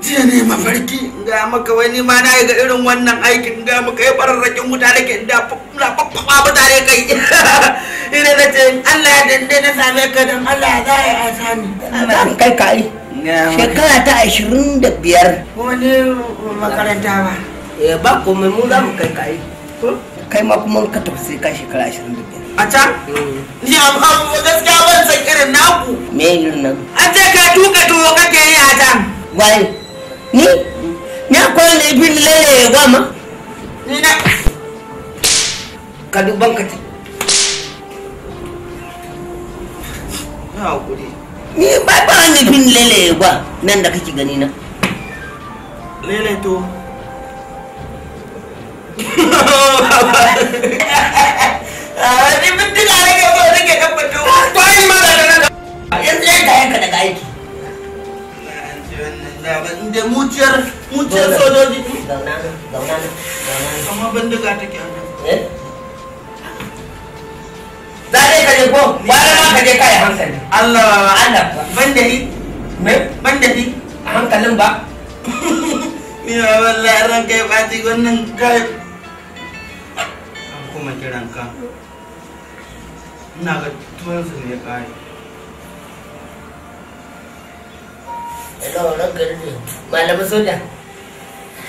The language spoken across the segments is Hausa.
jiya ne mafarki ga maka ni ma na ga irin wannan aikin ga maka ya fararrakin wuta da ke da na faffaba mutane kai ina na ce Allah ya dande na same ka dan Allah ya zai a sami an kai kai shekara ta ashirin da biyar wani makaranta ba eh ba komai mu za mu kai kai kai ma kuma ka tafsi ka shekara ashirin da biyar a can mm. ni amma gaskiya ban san irin naku me irin nan an ce ka tuka tuwo kake yi a can wai ni ni akwai wanda bin lele ya ba ma ni na ka duban ka ta ni ba ba wanda ibin lele ya ba nan da kake gani na lele to da mutiyar sojoji amma bindiga take dai ka je ko bayan ma ka je kai hankali Allah Allah ban ni me ban da ni a ba ni ba ran an kuma kiran ka ina ga ne ya yau ranka rufe malamin soja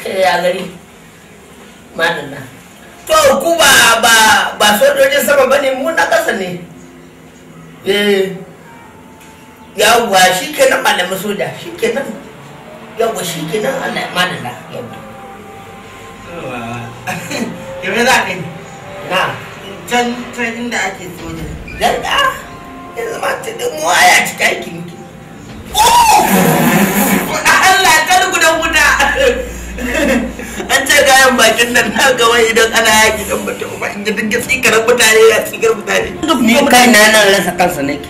eh, ya gari madalla to ku ba ba ba sojojin sama ba ne mu na ƙasa ne eh, yawwa shi kenan malamin soja shi kenan yawwa shi kenan madalla yawwa yawwa za ka yi na can can inda ake soja yadda yanzu ma ta ɗin waya cika aiki muke bakin nan na gawa idan ana yaki dan mutum ba in dinga tsikarar mutane ya tsikar mutane ni kai na nan rasa kansa nake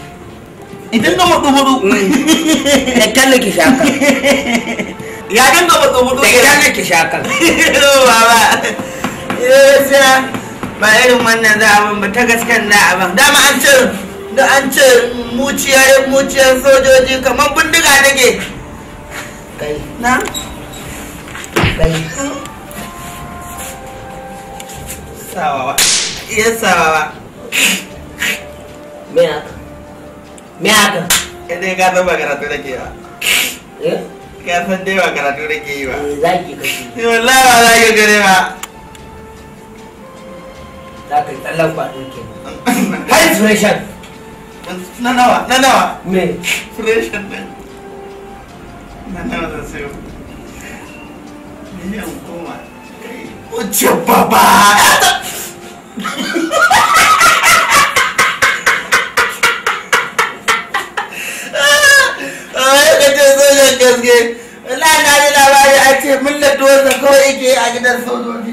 idan ga mutu mutu ne kalle ki shaka ya dinga mutu mutu da kalle ki shaka oh, baba yesa ba irin wannan za a ba ta gaskan da abin dama an ce da an ce muciyar muciyar sojoji kamar bindiga nake kai na kai sawawa iya sawawa me haka me haka kai ka san karatu da ke ba eh? ka san dai ba karatu da ke yi ba eh, zaki kashi eh, wallahi ba za ka gare ba za ka tsallan kwaɗin ke har inspiration na nawa na nawa me inspiration ne na nawa da sayo miliyan goma Ucce baba! je lana ji labari a ce millar doza kawai yake a gidan sojoji